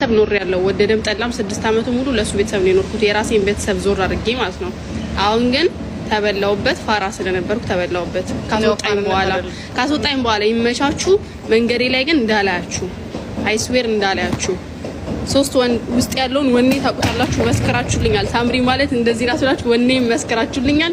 ቤተሰብ ኖር ያለው ወደደም ጠላም ስድስት ዓመቱ ሙሉ ለእሱ ቤተሰብ ነው የኖርኩት፣ የራሴን ቤተሰብ ዞር አድርጌ ማለት ነው። አሁን ግን ተበላውበት፣ ፋራ ስለነበርኩ ተበላውበት። ካስወጣኝ በኋላ ካስወጣኝ በኋላ ይመቻችሁ። መንገዴ ላይ ግን እንዳላያችሁ፣ አይስዌር እንዳላያችሁ ሶስት ውስጥ ያለውን ወኔ ታውቁታላችሁ፣ መስከራችሁልኛል። ሳምሪ ማለት እንደዚህ ናት ብላችሁ ወኔ መስከራችሁልኛል።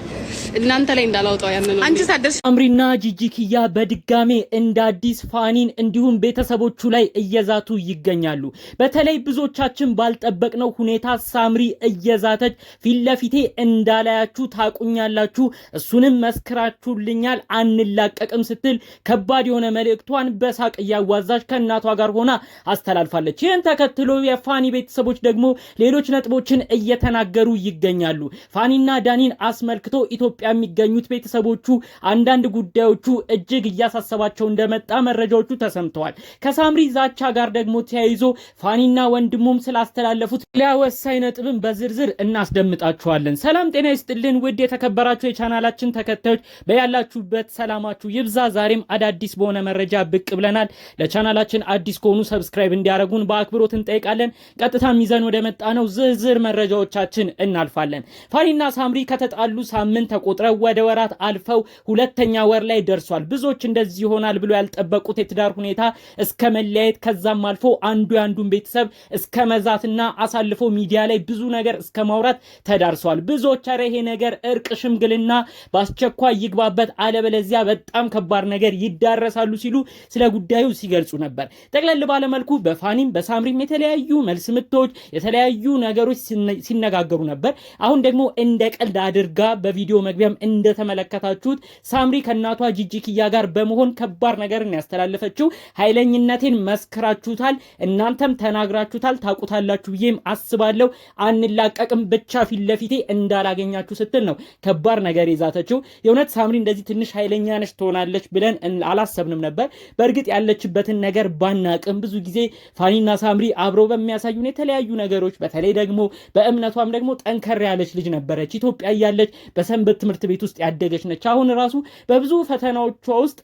እናንተ ላይ እንዳላውጣው ያን ነው። አንቺ ሳደርሽ ሳምሪና ጂጂኪያ በድጋሜ እንደ አዲስ ፋኒን እንዲሁም ቤተሰቦቹ ላይ እየዛቱ ይገኛሉ። በተለይ ብዙዎቻችን ባልጠበቅነው ሁኔታ ሳምሪ እየዛተች ፊት ለፊቴ እንዳላያችሁ ታቁኛላችሁ፣ እሱንም መስከራችሁልኛል፣ አንላቀቅም ስትል ከባድ የሆነ መልእክቷን በሳቅ እያዋዛች ከእናቷ ጋር ሆና አስተላልፋለች። ይህን ተከትሎ የፋኒ ቤተሰቦች ደግሞ ሌሎች ነጥቦችን እየተናገሩ ይገኛሉ። ፋኒና ዳኒን አስመልክቶ ኢትዮጵያ የሚገኙት ቤተሰቦቹ አንዳንድ ጉዳዮቹ እጅግ እያሳሰባቸው እንደመጣ መረጃዎቹ ተሰምተዋል። ከሳምሪ ዛቻ ጋር ደግሞ ተያይዞ ፋኒና ወንድሙም ስላስተላለፉት ሌላ ወሳኝ ነጥብን በዝርዝር እናስደምጣችኋለን። ሰላም ጤና ይስጥልን ውድ የተከበራችሁ የቻናላችን ተከታዮች በያላችሁበት ሰላማችሁ ይብዛ። ዛሬም አዳዲስ በሆነ መረጃ ብቅ ብለናል። ለቻናላችን አዲስ ከሆኑ ሰብስክራይብ እንዲያደርጉን በአክብሮት እንጠይቃለን። እናውቃለን። ቀጥታ ሚዘን ወደ መጣ ነው ዝርዝር መረጃዎቻችን እናልፋለን። ፋኒና ሳምሪ ከተጣሉ ሳምንት ተቆጥረው ወደ ወራት አልፈው ሁለተኛ ወር ላይ ደርሷል። ብዙዎች እንደዚህ ይሆናል ብሎ ያልጠበቁት የትዳር ሁኔታ እስከ መለያየት ከዛም አልፎ አንዱ የአንዱን ቤተሰብ እስከ መዛትና አሳልፎ ሚዲያ ላይ ብዙ ነገር እስከ ማውራት ተዳርሷል። ብዙዎች ኧረ ይሄ ነገር እርቅ፣ ሽምግልና በአስቸኳይ ይግባበት አለበለዚያ በጣም ከባድ ነገር ይዳረሳሉ ሲሉ ስለ ጉዳዩ ሲገልጹ ነበር። ጠቅለል ባለመልኩ በፋኒም በሳምሪም የተለያዩ የተለያዩ መልስ ምቶች፣ የተለያዩ ነገሮች ሲነጋገሩ ነበር። አሁን ደግሞ እንደ ቀልድ አድርጋ በቪዲዮ መግቢያም እንደተመለከታችሁት ሳምሪ ከእናቷ ጂጂክያ ጋር በመሆን ከባድ ነገርን ያስተላለፈችው ኃይለኝነቴን መስክራችሁታል፣ እናንተም ተናግራችሁታል፣ ታውቁታላችሁ ብዬም አስባለሁ። አንላቀቅም ብቻ ፊት ለፊቴ እንዳላገኛችሁ ስትል ነው ከባድ ነገር የዛተችው። የእውነት ሳምሪ እንደዚህ ትንሽ ኃይለኛ ነች ትሆናለች ብለን አላሰብንም ነበር። በእርግጥ ያለችበትን ነገር ባናቅም ብዙ ጊዜ ፋኒና ሳምሪ አብረው በሚያሳዩን የተለያዩ ነገሮች በተለይ ደግሞ በእምነቷም ደግሞ ጠንከር ያለች ልጅ ነበረች። ኢትዮጵያ እያለች በሰንበት ትምህርት ቤት ውስጥ ያደገች ነች። አሁን ራሱ በብዙ ፈተናዎቿ ውስጥ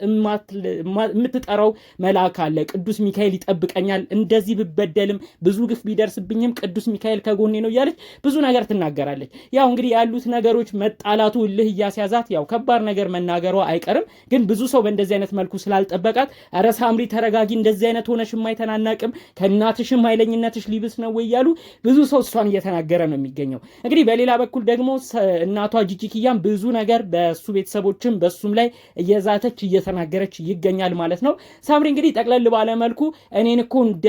የምትጠራው መልአክ አለ። ቅዱስ ሚካኤል ይጠብቀኛል፣ እንደዚህ ብበደልም ብዙ ግፍ ቢደርስብኝም ቅዱስ ሚካኤል ከጎኔ ነው እያለች ብዙ ነገር ትናገራለች። ያው እንግዲህ ያሉት ነገሮች መጣላቱ፣ እልህ እያስያዛት ያው ከባድ ነገር መናገሯ አይቀርም። ግን ብዙ ሰው በእንደዚህ አይነት መልኩ ስላልጠበቃት ረሳምሪ ተረጋጊ፣ እንደዚህ አይነት ሆነሽም አይተናናቅም ከእናትሽም አይለኝ ግንኙነትሽ ሊብስ ነው ወይ እያሉ ብዙ ሰው እሷን እየተናገረ ነው የሚገኘው። እንግዲህ በሌላ በኩል ደግሞ እናቷ ጂጂ ኪያም ብዙ ነገር በሱ ቤተሰቦችም በሱም ላይ እየዛተች እየተናገረች ይገኛል ማለት ነው። ሳምሪ እንግዲህ ጠቅለል ባለመልኩ እኔን እኮ እንደ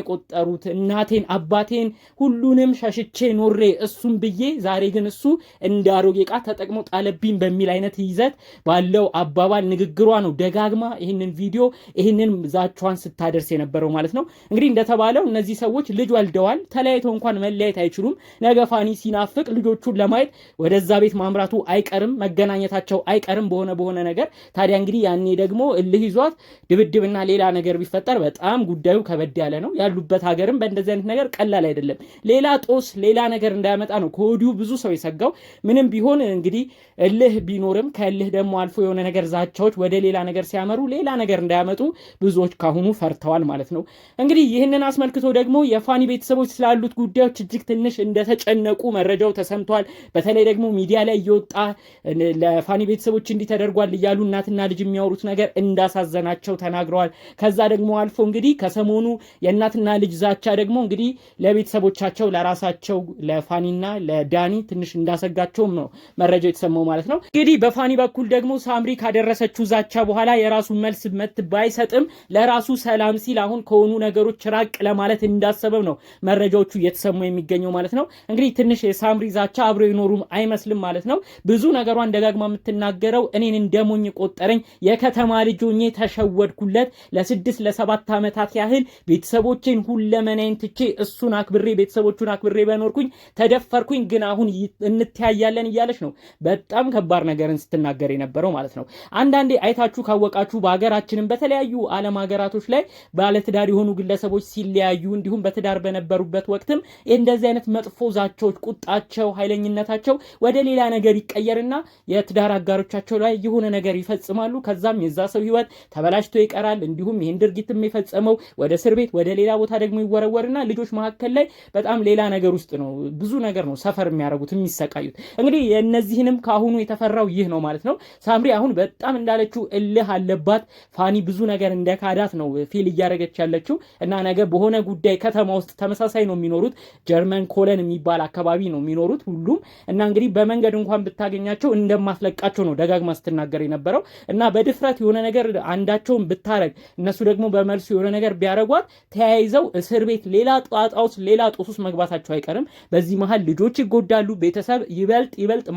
የቆጠሩት እናቴን አባቴን ሁሉንም ሸሽቼ ኖሬ እሱም ብዬ ዛሬ ግን እሱ እንደ አሮጌ ዕቃ ተጠቅሞ ጣለብኝ በሚል አይነት ይዘት ባለው አባባል ንግግሯ ነው ደጋግማ ይህንን ቪዲዮ ይህንን ዛቿን ስታደርስ የነበረው ማለት ነው። እንግዲህ እንደተባለው እነዚህ ሰዎች ልጅ ወልደዋል። ተለያይተው እንኳን መለያየት አይችሉም። ነገ ፋኒ ሲናፍቅ ልጆቹን ለማየት ወደዛ ቤት ማምራቱ አይቀርም፣ መገናኘታቸው አይቀርም በሆነ በሆነ ነገር። ታዲያ እንግዲህ ያኔ ደግሞ እልህ ይዟት ድብድብና ሌላ ነገር ቢፈጠር በጣም ጉዳዩ ከበድ ያለ ነው። ያሉበት ሀገርም በእንደዚህ አይነት ነገር ቀላል አይደለም። ሌላ ጦስ፣ ሌላ ነገር እንዳያመጣ ነው ከወዲሁ ብዙ ሰው የሰጋው። ምንም ቢሆን እንግዲህ እልህ ቢኖርም ከእልህ ደግሞ አልፎ የሆነ ነገር ዛቻዎች ወደ ሌላ ነገር ሲያመሩ ሌላ ነገር እንዳያመጡ ብዙዎች ካሁኑ ፈርተዋል ማለት ነው። እንግዲህ ይህንን አስመልክቶ ደግሞ ደግሞ የፋኒ ቤተሰቦች ስላሉት ጉዳዮች እጅግ ትንሽ እንደተጨነቁ መረጃው ተሰምቷል። በተለይ ደግሞ ሚዲያ ላይ እየወጣ ለፋኒ ቤተሰቦች እንዲህ ተደርጓል እያሉ እናትና ልጅ የሚያወሩት ነገር እንዳሳዘናቸው ተናግረዋል። ከዛ ደግሞ አልፎ እንግዲህ ከሰሞኑ የእናትና ልጅ ዛቻ ደግሞ እንግዲህ ለቤተሰቦቻቸው ለራሳቸው ለፋኒና ለዳኒ ትንሽ እንዳሰጋቸውም ነው መረጃው የተሰማው ማለት ነው። እንግዲህ በፋኒ በኩል ደግሞ ሳምሪ ካደረሰችው ዛቻ በኋላ የራሱ መልስ መት ባይሰጥም ለራሱ ሰላም ሲል አሁን ከሆኑ ነገሮች ራቅ ለማለት እንዳ እንዳሰበም ነው መረጃዎቹ እየተሰሙ የሚገኘው ማለት ነው። እንግዲህ ትንሽ የሳምሪ ዛቻ አብረው ይኖሩም አይመስልም ማለት ነው። ብዙ ነገሯን ደጋግማ የምትናገረው እኔን እንደሞኝ ቆጠረኝ፣ የከተማ ልጅ ሆኜ ተሸወድኩለት፣ ለስድስት ለሰባት ዓመታት ያህል ቤተሰቦቼን ሁለመናይን ትቼ እሱን አክብሬ ቤተሰቦቹን አክብሬ በኖርኩኝ ተደፈርኩኝ፣ ግን አሁን እንተያያለን እያለች ነው በጣም ከባድ ነገርን ስትናገር የነበረው ማለት ነው። አንዳንዴ አይታችሁ ካወቃችሁ በሀገራችንም በተለያዩ ዓለም ሀገራቶች ላይ ባለትዳር የሆኑ ግለሰቦች ሲለያዩ እንዲሁም በትዳር በነበሩበት ወቅትም እንደዚህ አይነት መጥፎ ዛቸዎች፣ ቁጣቸው፣ ኃይለኝነታቸው ወደ ሌላ ነገር ይቀየርና የትዳር አጋሮቻቸው ላይ የሆነ ነገር ይፈጽማሉ። ከዛም የዛ ሰው ህይወት ተበላሽቶ ይቀራል። እንዲሁም ይህን ድርጊትም የፈጸመው ወደ እስር ቤት ወደ ሌላ ቦታ ደግሞ ይወረወርና ልጆች መካከል ላይ በጣም ሌላ ነገር ውስጥ ነው ብዙ ነገር ነው ሰፈር የሚያደርጉት የሚሰቃዩት። እንግዲህ የእነዚህንም ከአሁኑ የተፈራው ይህ ነው ማለት ነው። ሳምሪ አሁን በጣም እንዳለችው እልህ አለባት። ፋኒ ብዙ ነገር እንደካዳት ነው ፊል እያደረገች ያለችው እና ነገ በሆነ ጉዳይ ከተማ ውስጥ ተመሳሳይ ነው የሚኖሩት። ጀርመን ኮለን የሚባል አካባቢ ነው የሚኖሩት ሁሉም እና እንግዲህ በመንገድ እንኳን ብታገኛቸው እንደማትለቃቸው ነው ደጋግማ ስትናገር የነበረው እና በድፍረት የሆነ ነገር አንዳቸውን ብታረግ እነሱ ደግሞ በመልሱ የሆነ ነገር ቢያረጓት ተያይዘው እስር ቤት ሌላ ጣጣ ውስጥ ሌላ ጦስ ውስጥ መግባታቸው አይቀርም። በዚህ መሀል ልጆች ይጎዳሉ። ቤተሰብ ይበልጥ ይበልጥ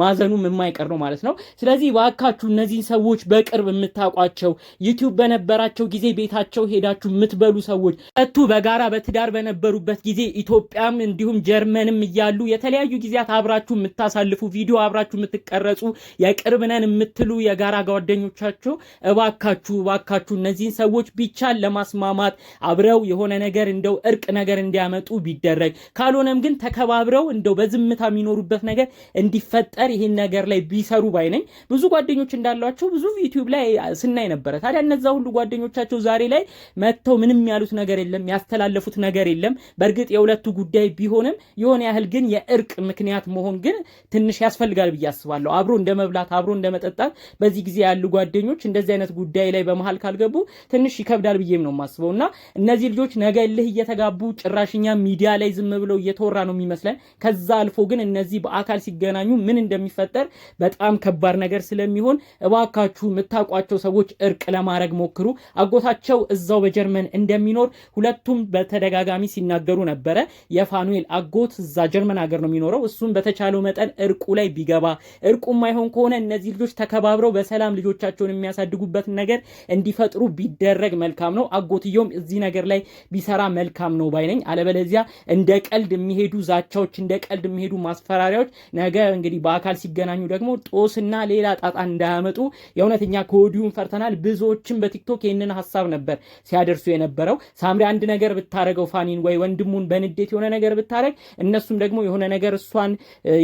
ማዘኑም የማይቀር ነው ማለት ነው። ስለዚህ እባካችሁ እነዚህን ሰዎች በቅርብ የምታውቋቸው ዩቲዩብ በነበራቸው ጊዜ ቤታቸው ሄዳችሁ የምትበሉ ሰዎች ቱ በጋራ በትዳር በነበሩበት ጊዜ ኢትዮጵያም እንዲሁም ጀርመንም እያሉ የተለያዩ ጊዜያት አብራችሁ የምታሳልፉ ቪዲዮ አብራችሁ የምትቀረጹ የቅርብ ነን የምትሉ የጋራ ጓደኞቻቸው እባካችሁ እባካችሁ እነዚህን ሰዎች ቢቻል ለማስማማት አብረው የሆነ ነገር እንደው እርቅ ነገር እንዲያመጡ ቢደረግ ካልሆነም ግን ተከባብረው እንደው በዝምታ የሚኖሩበት ነገር እንዲፈጠር ይህን ነገር ላይ ቢሰሩ ባይነኝ ብዙ ጓደኞች እንዳሏቸው ብዙ ዩቲዩብ ላይ ስናይ ነበረ። ታዲያ እነዛ ሁሉ ጓደኞቻቸው ዛሬ ላይ መጥተው ምንም ያሉት ነገር የለም ያስተላለፉት ነገር የለም። በእርግጥ የሁለቱ ጉዳይ ቢሆንም የሆነ ያህል ግን የእርቅ ምክንያት መሆን ግን ትንሽ ያስፈልጋል ብዬ አስባለሁ። አብሮ እንደ መብላት፣ አብሮ እንደ መጠጣት በዚህ ጊዜ ያሉ ጓደኞች እንደዚህ አይነት ጉዳይ ላይ በመሀል ካልገቡ ትንሽ ይከብዳል ብዬም ነው የማስበው እና እነዚህ ልጆች ነገ ልህ እየተጋቡ ጭራሽኛ ሚዲያ ላይ ዝም ብለው እየተወራ ነው የሚመስለን። ከዛ አልፎ ግን እነዚህ በአካል ሲገናኙ ምን እንደሚፈጠር በጣም ከባድ ነገር ስለሚሆን እባካችሁ የምታውቋቸው ሰዎች እርቅ ለማድረግ ሞክሩ። አጎታቸው እዛው በጀርመን እንደሚኖር ሁለቱ እሱም በተደጋጋሚ ሲናገሩ ነበረ። የፋኑኤል አጎት እዛ ጀርመን ሀገር ነው የሚኖረው። እሱም በተቻለው መጠን እርቁ ላይ ቢገባ፣ እርቁ የማይሆን ከሆነ እነዚህ ልጆች ተከባብረው በሰላም ልጆቻቸውን የሚያሳድጉበትን ነገር እንዲፈጥሩ ቢደረግ መልካም ነው። አጎትየውም እዚህ ነገር ላይ ቢሰራ መልካም ነው ባይነኝ። አለበለዚያ እንደ ቀልድ የሚሄዱ ዛቻዎች፣ እንደ ቀልድ የሚሄዱ ማስፈራሪያዎች ነገ እንግዲህ በአካል ሲገናኙ ደግሞ ጦስና ሌላ ጣጣ እንዳያመጡ የእውነተኛ ከወዲሁን ፈርተናል። ብዙዎችም በቲክቶክ ይህንን ሀሳብ ነበር ሲያደርሱ የነበረው። ሳምሪ አንድ ነገር ነገር ብታደረገው ፋኒን ወይ ወንድሙን በንዴት የሆነ ነገር ብታደረግ እነሱም ደግሞ የሆነ ነገር እሷን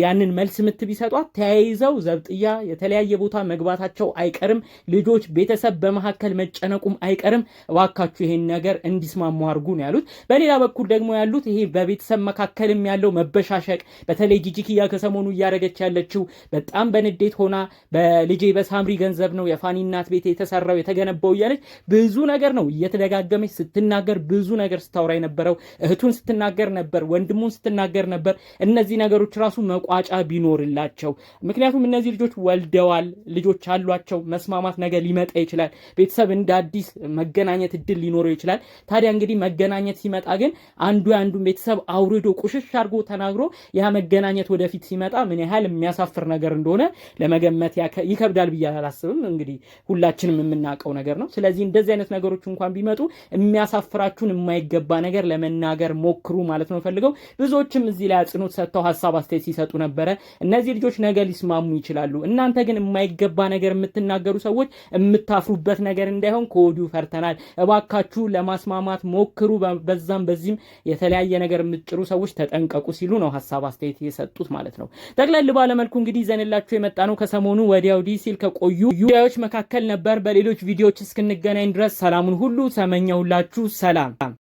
ያንን መልስ ምት ቢሰጧት ተያይዘው ዘብጥያ የተለያየ ቦታ መግባታቸው አይቀርም። ልጆች፣ ቤተሰብ በመካከል መጨነቁም አይቀርም። እባካችሁ ይሄን ነገር እንዲስማሙ አድርጉ ነው ያሉት። በሌላ በኩል ደግሞ ያሉት ይሄ በቤተሰብ መካከልም ያለው መበሻሸቅ በተለይ ጂጂክያ ከሰሞኑ እያደረገች ያለችው በጣም በንዴት ሆና በልጄ በሳምሪ ገንዘብ ነው የፋኒ እናት ቤት የተሰራው የተገነባው እያለች ብዙ ነገር ነው እየተደጋገመች ስትናገር ብዙ ነገር ነገር ስታወራ የነበረው እህቱን ስትናገር ነበር፣ ወንድሙን ስትናገር ነበር። እነዚህ ነገሮች ራሱ መቋጫ ቢኖርላቸው፣ ምክንያቱም እነዚህ ልጆች ወልደዋል፣ ልጆች አሏቸው። መስማማት ነገር ሊመጣ ይችላል። ቤተሰብ እንደ አዲስ መገናኘት እድል ሊኖረው ይችላል። ታዲያ እንግዲህ መገናኘት ሲመጣ ግን አንዱ የአንዱን ቤተሰብ አውርዶ ቁሽሽ አድርጎ ተናግሮ ያ መገናኘት ወደፊት ሲመጣ ምን ያህል የሚያሳፍር ነገር እንደሆነ ለመገመት ይከብዳል ብዬ አላስብም። እንግዲህ ሁላችንም የምናውቀው ነገር ነው። ስለዚህ እንደዚህ አይነት ነገሮች እንኳን ቢመጡ የሚያሳፍራችሁን የማይ የማይገባ ነገር ለመናገር ሞክሩ ማለት ነው ፈልገው ብዙዎችም እዚህ ላይ አጽንኦት ሰጥተው ሀሳብ አስተያየት ሲሰጡ ነበረ። እነዚህ ልጆች ነገ ሊስማሙ ይችላሉ። እናንተ ግን የማይገባ ነገር የምትናገሩ ሰዎች የምታፍሩበት ነገር እንዳይሆን ከወዲሁ ፈርተናል። እባካችሁ ለማስማማት ሞክሩ። በዛም በዚህም የተለያየ ነገር የምትጭሩ ሰዎች ተጠንቀቁ ሲሉ ነው ሀሳብ አስተያየት የሰጡት ማለት ነው። ጠቅለል ባለመልኩ እንግዲህ ዘንላችሁ የመጣ ነው ከሰሞኑ ወዲያው ዲ ሲል ከቆዩ ጉዳዮች መካከል ነበር። በሌሎች ቪዲዮዎች እስክንገናኝ ድረስ ሰላሙን ሁሉ ሰመኘሁላችሁ። ሰላም